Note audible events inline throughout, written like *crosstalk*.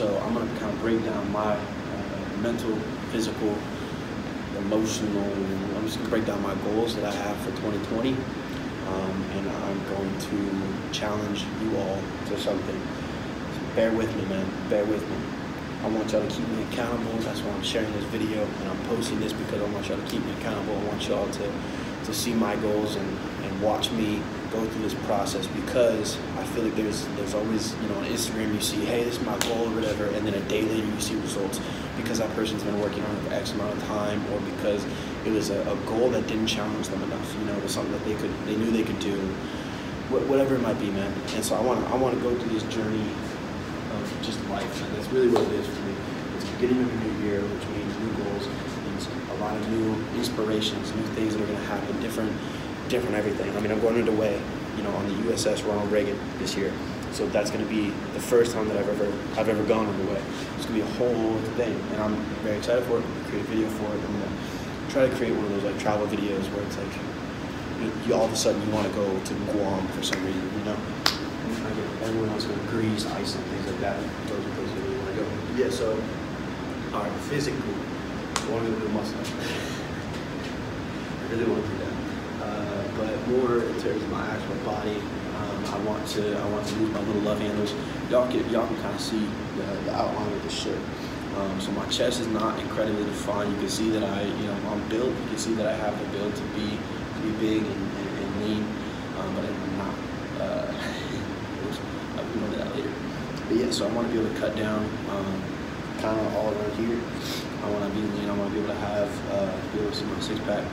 So I'm going to kind of break down my uh, mental, physical, emotional, I'm just going to break down my goals that I have for 2020. Um, and I'm going to challenge you all to something. So bear with me, man. Bear with me. I want y'all to keep me accountable. That's why I'm sharing this video and I'm posting this because I want y'all to keep me accountable. I want y'all to, to see my goals and, and watch me go through this process because I feel like there's there's always you know on Instagram you see hey this is my goal or whatever and then a day later you see results because that person's been working on it for X amount of time or because it was a, a goal that didn't challenge them enough you know it was something that they could they knew they could do whatever it might be man and so I want I want to go through this journey of just life and that's really what it is for me it's beginning of a new year which means new goals means a lot of new inspirations new things that are going to happen different different everything. I mean, I'm going underway, you know, on the USS Ronald Reagan this year. So that's going to be the first time that I've ever I've ever gone underway. It's going to be a whole thing, and I'm very excited for it. create a video for it. I'm going to try to create one of those like travel videos where it's like you, you all of a sudden you want to go to Guam for some reason, you know. I get everyone else going Greece, Iceland, things like that. Those are places we want to go. Yeah. So, all right, physical. I want to go muscle. *laughs* I really want to do that more in terms of my actual body. Um, I want to I want to move my little love handles. Y'all can y'all can kind of see the, the, outline of the shirt. Um, so my chest is not incredibly defined. You can see that I you know I'm built. You can see that I have the build to be to be big and, and, and lean, um, but I'm not. Uh, *laughs* I'll go into that later. But yeah, so I want to be able to cut down um, kind of all around here. I want to be lean. I want to be able to have uh, be able to see my six pack.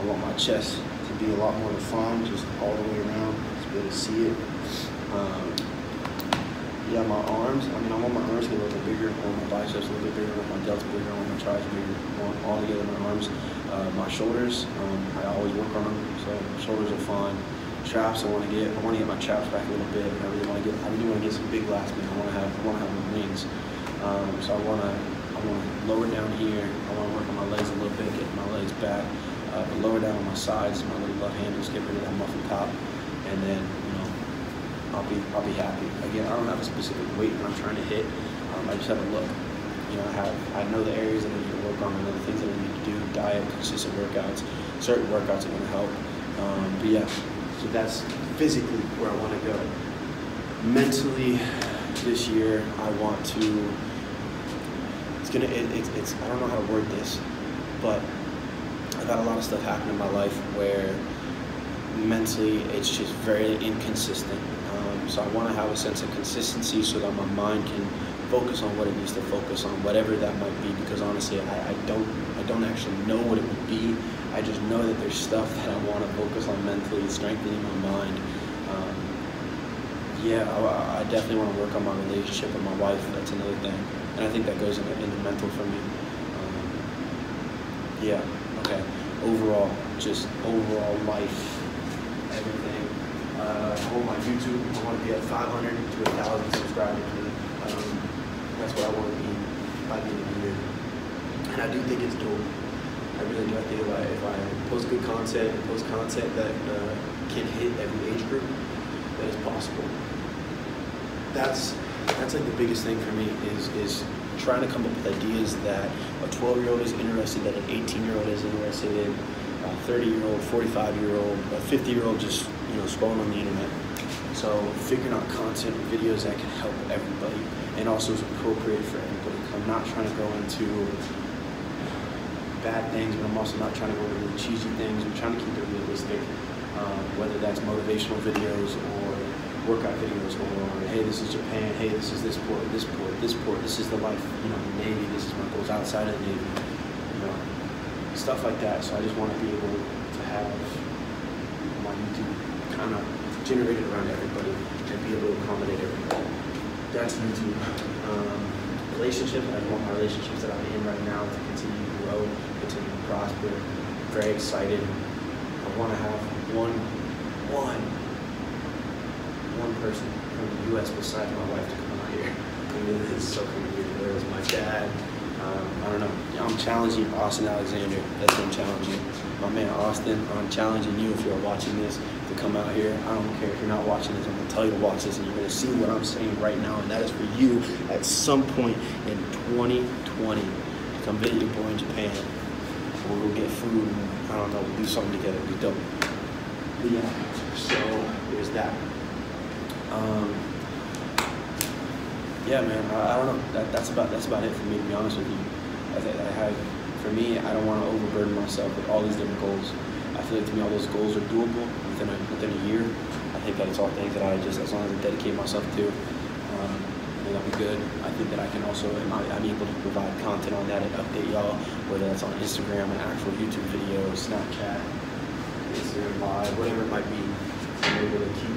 I want my chest can be a lot more defined just all the way around. It's good to see it. Um, yeah, my arms, I mean, I want my arms to get a little bit bigger, I want my biceps a little bit bigger, I want my delts bigger, I want my triceps bigger, I want all together my arms. Uh, my shoulders, um, I always work on them, so shoulders are fine. Traps, I want to get, I want to get my traps back a little bit, I really want to get, I really want to get some big lats, I want to have, I want to have my wings. Um, so I want to, I want to lower down here, I want to work on my legs a little bit, get my legs back lower down on my sides, my little left hand, get rid of that muffin top, and then you know I'll be I'll be happy. Again, I don't have a specific weight that I'm trying to hit. Um, I just have a look. You know, I have I know the areas that I need to work on. I know the things that I need to do. Diet, consistent workouts, certain workouts are going to help. Um, but yeah, so that's physically where I want to go. Mentally, this year I want to. It's gonna. It, it, it's. I don't know how to word this, but I've had a lot of stuff happen in my life where mentally it's just very inconsistent. Um, so I want to have a sense of consistency so that my mind can focus on what it needs to focus on, whatever that might be. Because honestly, I, I don't I don't actually know what it would be. I just know that there's stuff that I want to focus on mentally, strengthening my mind. Um, yeah, I, I, definitely want to work on my relationship with my wife. That's another thing, and I think that goes into, the mental for me. Um, yeah overall, just overall life, everything. Uh, want my YouTube. I want to be at 500 to 1,000 subscribers. Um, that's what I want to be by the end of the year. And I do think it's doable. I really do. I think if I, if I post good content and post content that uh, can hit every age group, that is possible. That's that's like the biggest thing for me is is trying to come up with ideas that a 12 year old is interested, that an 18 year old is interested in, a 30 year old, 45 year old, a 50 year old just you know scrolling on the internet. So figuring out content, videos that can help everybody, and also is appropriate for everybody. I'm not trying to go into bad things, but I'm also not trying to go into cheesy things. I'm trying to keep it realistic, um, whether that's motivational videos or workout videos or hey, this is Japan, hey, this is this port, this port, this port, this is the life, you know, the Navy, this is what goes outside of the Navy, you know, stuff like that. So I just want to be able to have my YouTube kind of generated around everybody and be able to accommodate everybody. That's YouTube. Um, relationships, I want my relationships that I'm in right now to continue to grow, continue to prosper. very excited. I want to have one, one one person from the U.S. besides my wife to come out here. I mean, so is so convenient. There was my dad. Um, I don't know. I'm challenging Austin Alexander. That's what I'm challenging. My man Austin, I'm challenging you if you're watching this to come out here. I don't care if you're not watching this. I'm going to tell you to watch this, and you're going to see what I'm saying right now, and that is for you at some point in 2020 to come visit your boy in Japan. We'll go get food, and I don't know, we'll do something together. We will be dope. But yeah, so there's that. Um, yeah, man. I, I don't know. That, that's about that's about it for me. To be honest with you, I, I have. For me, I don't want to overburden myself with all these different goals. I feel like to me, all those goals are doable within a, within a year. I think that it's all things that I just, as long as I dedicate myself to, um, that'll be good. I think that I can also, I, I, am able to provide content on that and update y'all, whether that's on Instagram, an actual YouTube video, Snapchat, Instagram Live, whatever it might be. I'm able to keep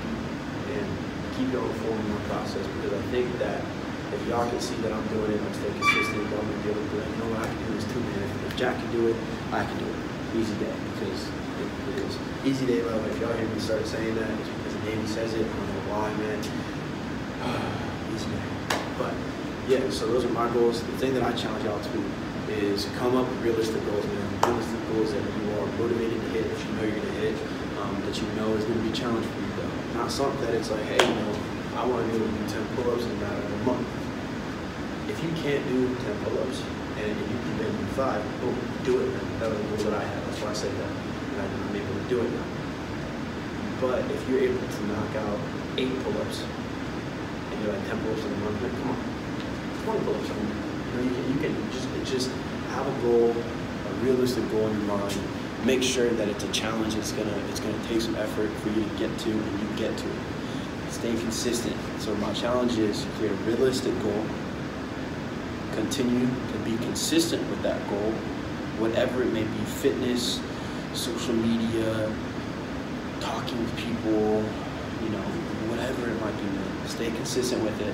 keep going forward in the process because I think that if y'all can see that I'm doing it, I'm staying consistent, I'm gonna be able to do it. You know what I can do is too, man. If, if, Jack can do it, I can do it. Easy day because it, it is easy day. Well, if y'all hear me start saying that, it's because the says it. I don't know why, man. *sighs* easy day. But yeah, so those are my goals. The thing that I challenge y'all to is come up with realistic goals, man. Realistic goals that you are motivated to hit, that you know you're gonna hit, um, that you know is gonna be challenging. for you not something that it's like, hey, you know, I want to be able to do 10 pull-ups in a matter of a month. If you can't do 10 pull-ups and if you can do five, boom, do it. Man. That was the rule that I had. That's why I say that. And I'm able to do it now. But if you're able to knock out eight pull-ups and you're like 10 pull-ups in a month, then come on, 20 pull-ups. I mean, you, know, you, can, you can just, just have a goal, a realistic goal in your mind, make sure that it's a challenge. It's gonna it's gonna take some effort for you to get to, and you get to it. Stay consistent. So my challenge is create a realistic goal. Continue to be consistent with that goal, whatever it may be: fitness, social media, talking with people, you know, whatever it might be. Man. Stay consistent with it.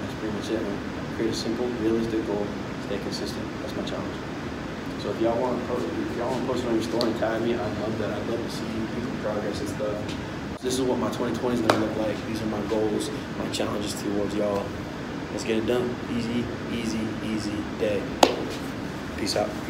That's pretty much it. Man. Create a simple, realistic goal. Stay consistent. That's my challenge. So if y'all want to post, if y'all want to post on your story and tag me, I love that. I'd love to see you people's progress and stuff. This is what my 2020 is going to look like. These are my goals, my challenges towards y'all. Let's get it done. Easy, easy, easy day. Peace out.